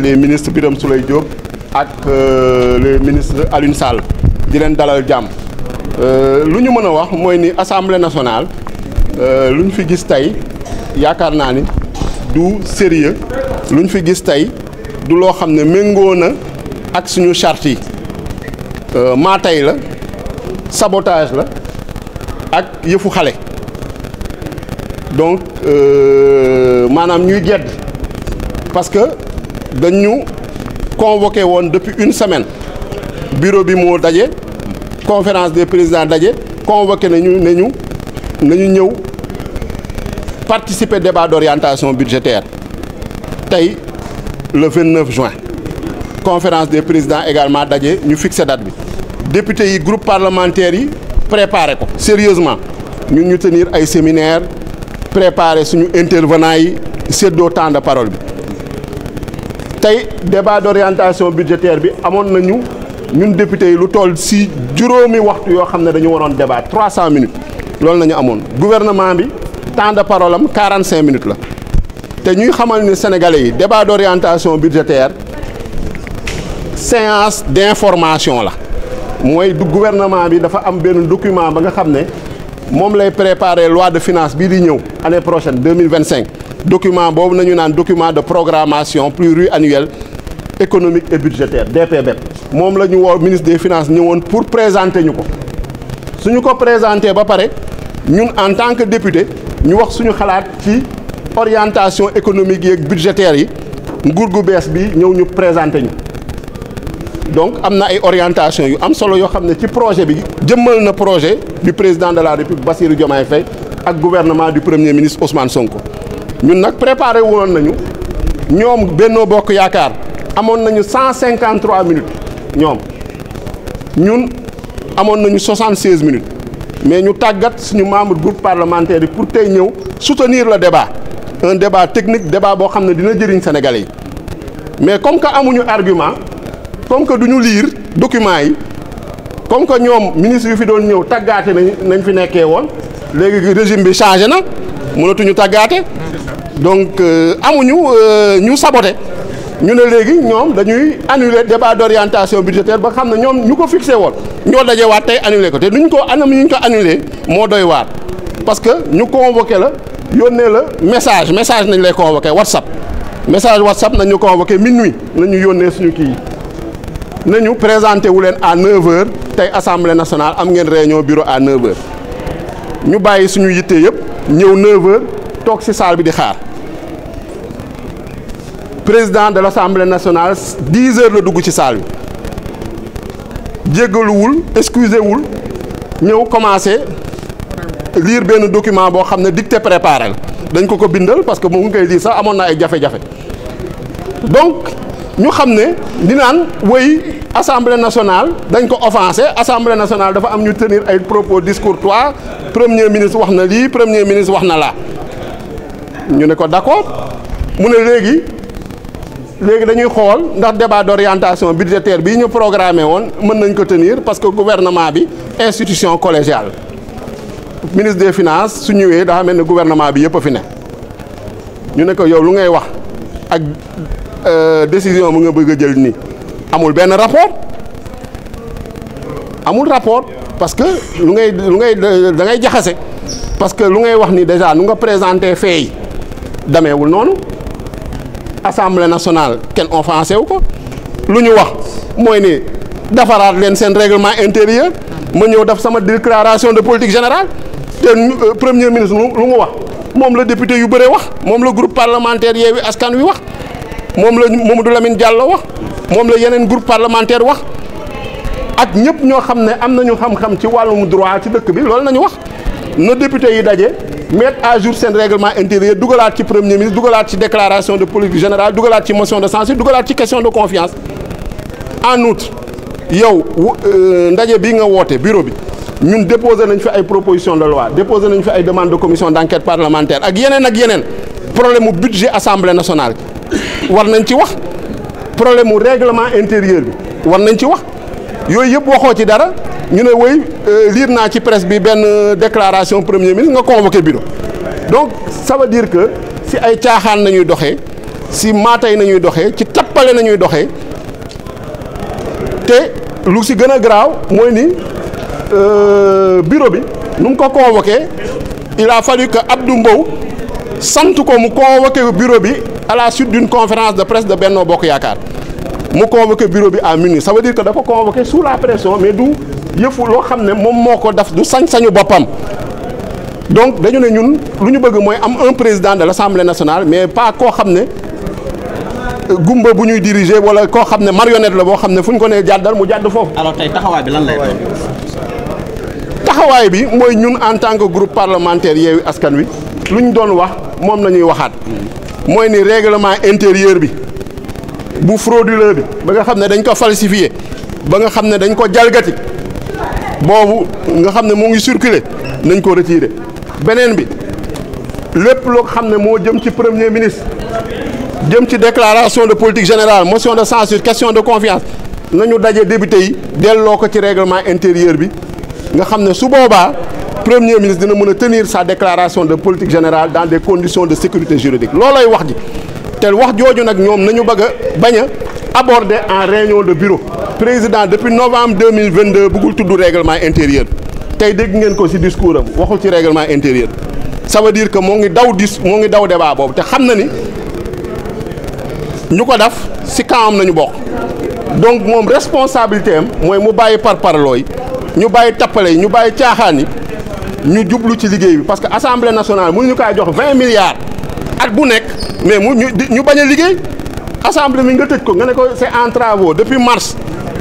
les ministres Birame Souleye Diop ak euh, le ministre Alioune Sall di leen dalal jàmm euh, lu ñu mën a wax mooy ni assemblée nationale euh, lu ñu fi gis tey yaakaar naa ni du sérieux lu ñu fi gis tey du loo xam ne méngoo na ak suñu charte yi tey la sabotage la ak yëfu xale donc maanaam ñuy gedd parce dañu convoqué woon depuis une semaine bureau bi moo daje conférence des présidents daje convoqué nañu ne ñu nañu ñëw participer débat d'orientation budgétaire tey le 29 juin conférence des présidents également daje ñu fixé date bi député yi groupe parlementaire yi préparé ko sérieusement ñun ñu tenir ay séminaire préparé suñu intervenant yi seddoo temps de parole bi tey débat d'orientation budgétaire bi amoon nañu ñun député yi lu tool si juróomi waxtu yoo xam ne dañu waroon débat 300 minutes loolu nañu amoon gouvernement bi temps de parole am 45 minutes la te ñuy xamal ni sénégalais yi débat d'orientation budgétaire séance d'information la mooy du gouvernement bi dafa am benn document ba nga xam ne moom lay préparer loi de finance bii di ñëw année prochaine 2025 document boobu nañu naan document de programmation pluriannuelle économique et budgétaire DPBEP moom la ñu woo ministre des finances ñëwoon pour présenter ñu ko suñu ko présenter ba pare ñun en tant que député ñu wax suñu xalaat ci orientation économique yi ak budgétaire yi nguur gu bees bi ñëw ñu présenter ñu donc am na ay orientation yu am solo yoo xam ne ci projet bi jëmmal na projet du président de la république Bassirou Diomaye Faye ak gouvernement du premier ministre Ousmane Sonko ñun nag préparer woon nañu ñoom Benno Bokk Yaakaar amoon nañu cent cinquante trois ñoom ñun amoon nañu soixante seize minutes mais ñu tàggat suñu membre groupe parlementaire yi pour tey ñëw soutenir le débat un débat technique débat boo xam ne dina jëriñ Sénégalais yi mais comme que amuñu argument comme que duñu liir document yi comme que ñoom ministre yu fi doon ñëw tàggaate nañ nañ fi nekkee woon léegi régime bi changé na mënatuñu tàggaate donc euh, amuñu euh, ñu saboté ñu ne léegi ñoom dañuy annuler débat d'orientation budgétaire ba xam na ñoom ñu ko fixé woon ñoo dajewaat tey annuler ko te nuñ ko anam ñu ko annuler moo doy waat parce que ñu convoqué la yónnee la message message nañ lay convoqué WhatsApp message WhatsApp nañ ñu convoqué minuit nañu yónnee suñu kii nañu présenté wu leen à 9 tey assemblée nationale am ngeen réunion bureau à 9h ñu bàyyi suñu yitte yëpp ñëw 9 toog ci salle bi di xaar président de l'Assemblée nationale dix heures la dugg ci saal bi jéggaluwul excusé wul ñëw commencé liir benn document boo xam ne dicté préparé la dañ ko ko bindal parce que moo ngi koy lire sax amoon na ay jafe-jafe donc ñu xam ne dinaan naan woy assemblée nationale dañ ko offensé assemblée nationale dafa am ñu tenir ay propos discourtois premier ministre wax na lii premier ministre wax na laa ñu ne ko d'accord mu ne léegi léegi dañuy xool ndax débat d'orientation budgétaire bii ñu programmé woon mën nañ ko tenir parce que gouvernement bi institution collégiale ministre des finance su ñëwee daa mel ni gouvernement bi yëpp a fi ne ñu ne ko yow lu ngay wax ak euh, décision mu nga bëgg a jël ni amul benn rapport amul rapport parce que lu ngay lu ngay da ngay jaxase parce que lu ngay wax ni déjà nu nga présenté fee dameewul noonu assemblée nationale kenn offensé wu ko lu ñu wax mooy ni defaraat leen seen règlement intérieur ma ñëw def sama déclaration de politique général te euh, premier ministre lu mu wax moom la député yu bëree wax moom la groupe parlementaire Yewwi Askan Wi wax moom la du Lamine Diallo wax moom la yeneen groupe parlementaire wax ak ñëpp ñoo xam ne am nañu xam-xam ci wàllum droit ci dëkk bi loolu nañu wax na député yi daje. mettre à jour seen règlement intérieur dugalaat ci premier ministre dugalaat ci déclaration de politique générale dugalaat ci motion de censure dugalaat ci question de confiance en outre yow euh, ndaje bi nga woote bureau bi ñun déposé nañ fi ay proposition de loi déposé nañ fi ay demande de commission d'enquête parlementaire ak yeneen ak yeneen problème mu budget assemblée nationale bi war nañ ci wax problème mu règlement intérieur bi war nañ ci wax yooyu yëpp waxoo ci dara ñu ne wéy euh, liir naa ci presse bi benn euh, déclaration premier ministre nga convoqué bureau donc ça veut dire que si ay caaxaan nañuy doxee si maatay nañuy doxee ci tappale nañuy doxee te lu si gën a garaaw mooy ni euh, bureau bi nu mu ko convoqué il a fallu que Abdou Mbow sant ko mu convoqué bureau bi à la suite d'une conférence de presse de Benno Bokk Yaakaar mu convoqué bureau bi à minuit ça veut dire que dafa convoqué sous la pression mais du yëfu loo xam ne moom moo ko def du sañ-sañu boppam donc dañu ne ñun lu ñu bëgg mooy am un président de l'Assemblée nationale mais pas koo xam ne gumba bu ñuy diriger wala koo xam ne marionnette la boo xam ne fu ñu ko nee jàddal mu jàdd foofu. alors tey taxawaay bi lan lay taxawaay bi mooy ñun en tant que groupe parlementaire Yewwi Askan Wi lu ñu doon wax moom la ñuy waxaat mooy ni réglement intérieur bi bu frauduleux bi ba nga xam ne dañ ko falsifié ba nga xam ne dañ ko jalgati. boobu nga xam ne moo ngi circuler nañ ko retirer beneen bi lépp loo xam ne moo jëm ci premier ministre jëm ci déclaration de politique générale motion de censure question de confiance nañu daje député yi delloo ko ci règlement intérieur bi nga xam ne su boobaa premier ministre dina mën a tenir sa déclaration de politique générale dans des conditions de sécurité juridique loolooy wax ji te wax jooju nag ñoom nañu bëgg a bañ a abordé en réunion de bureau président depuis novembre 2022 bëggul tudd règlement intérieur tey dégg ngeen ko ci discours am waxul ci règlement intérieur ça veut que moo ngi daw dis moo ngi daw débat boobu te xam na ni ñu ko def ci kaam nañu bokk donc moom responsabilité mooy mu bàyyi par parlooy ñu bàyyi tappale yi ñu bàyyi caaxaan yi ñu jublu ci liggéey bi parce que assemblée nationale ñu kaa jox vingt milliards at bu nekk mais mu ñu bañ a liggéey assemblée mi nga tëj ko nga ne ko c'est en travaux depuis mars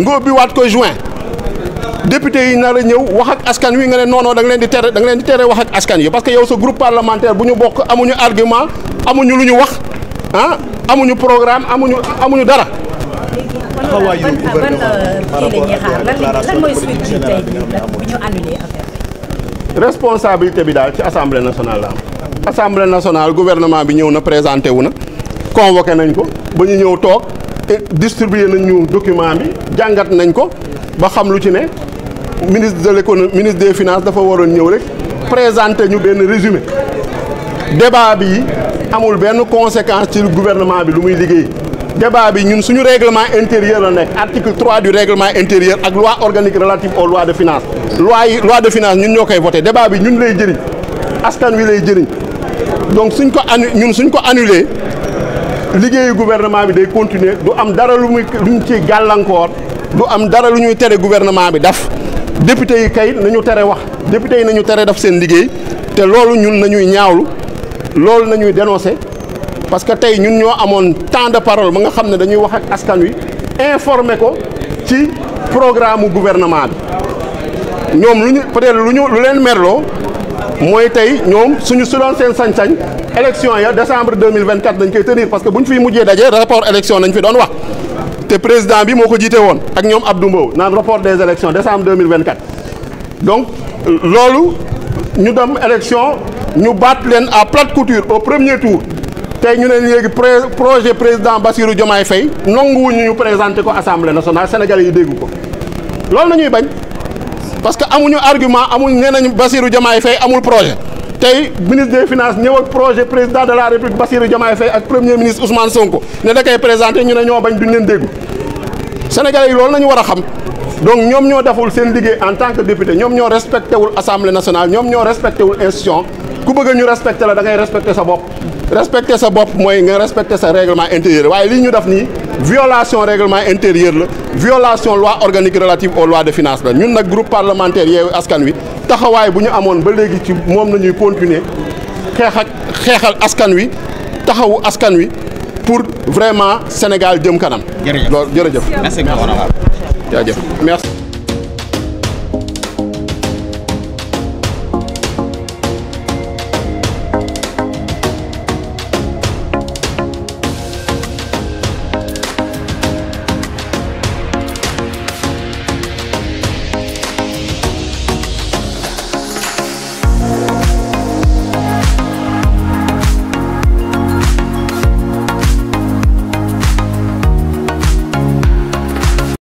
nga bi waat ko juin député yi nar a ñëw wax ak askan wi nga ne noonoo da nga leen di tere da leen di tere wax ak askan yi parce que yow sa groupe parlementaire bu ñu bokk amuñu argument amuñu lu ñu wax ah amuñu programme amuñu amuñu dara. responsabilité bi daal ci assemblée nationale la am. assemblée nationale gouvernement bi ñëw na présenté wu na. convoqué nañ ko ba ñu ñëw toog distribué nañ ñu document bi jàngat nañ ko ba xam lu ci ne ministre de l'économie ministre des finance dafa waroon ñëw rek présenté ñu benn résumé débat bi amul benn conséquence ci gouvernement bi lu muy liggéey débat bi ñun suñu règlement intérieur la nekk article 3 du règlement intérieur ak loi organique relative aux lois de finance loi yi loi de finance ñun ñoo koy voté débat bi ñun lay jëriñ askan wi lay jëri donc suñ ko anu ñun suñ ko annulé liggéeyu gouvernement bi day continuer du am dara lu lu ñu ciy gàllankoor du am dara lu ñuy tere gouvernement bi daf député yi kay nañu tere wax député yi nañu tere daf seen liggéey te loolu ñun nañuy ñaawlu loolu nañuy dénoncer parce que tey ñun ñoo amoon temps de parole ba nga xam ne dañuy wax ak askan wi informer ko ci programme gouvernement bi ñoom lu ñu peut lu ñu lu leen merloo mooy tey ñoom suñu suloon seen sañ-sañ élection ya décembre 2024 dañ koy tenir parce que bu ñu fiy mujjee dajee rapport élection nañ fi doon wax te président bi moo ko jiite woon ak ñoom Abdou Mbow naan report des élections décembre 2024 donc loolu ñu dem élection ñu baat leen à plate couture au premier tour tey ñu ne léegi projet président bassiru Diomaye Faye nanguwuñu ñu présente ko assemblée nationale sénégalais yi dégg ko loolu la bañ parce que amuñu argument amul nee nañ Bassirou Diomaye Faye amul projet tey ministre des finances ñëw ak projet président de la république Bassirou Diomaye Faye ak premier ministre Ousmane Sonko ne da koy présenté ñu ne ñoo bañ duñ leen déggu Sénégalais yi loolu nañu war a xam donc ñoom ñoo deful seen liggéey en tant que député ñoom ñoo respecté wul assemblée nationale ñoom ñoo respecté wul institution ku bëgg ñu respecté la da ngay respecté sa bopp respecté sa bopp mooy nga respecté sa règlement intérieur waaye li ñu def nii violation règlement intérieur la violation loi organique relative aux lois de finances ñun nag groupe parlementaire Yewwi Askan Wi taxawaay bu ñu amoon ba léegi ci moom la ñuy continuer xeex xeexal askan wi taxawu askan wi pour vraiment Sénégal jëm kanam. jërëjëf loolu jërëjëf. merci